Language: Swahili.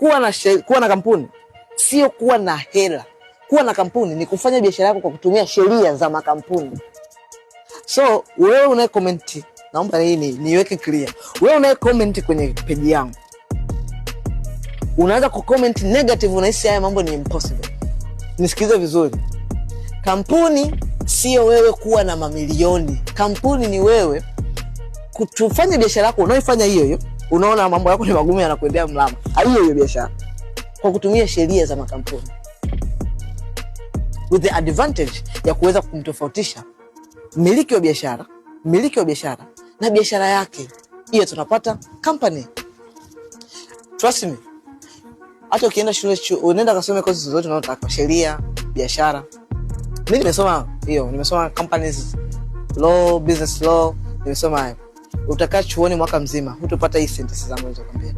kuwa na, she, kuwa na kampuni sio kuwa na hela. Kuwa na kampuni ni kufanya biashara yako kwa kutumia sheria za makampuni. So wewe unaye comment, naomba hii ni niweke clear. Wewe unaye comment kwenye peji yangu, unaanza ku comment negative, unahisi haya mambo ni impossible. Nisikilize vizuri, kampuni sio wewe kuwa na mamilioni. Kampuni ni wewe kutufanya biashara yako unaoifanya hiyo hiyo unaona mambo yako ni magumu, yanakuendea mlama. Hiyo hiyo biashara kwa kutumia sheria za makampuni with the advantage ya kuweza kumtofautisha mmiliki wa biashara, mmiliki wa biashara na biashara yake hiyo, tunapata company. Trust me, hata ukienda shule, unaenda kasome kozi zozote unaotaka, sheria, biashara. Mimi nimesoma hiyo, nimesoma companies law, business law, nimesoma hiyo utakaa chuoni mwaka mzima, hutopata hii sentensi za mwanzo kwambia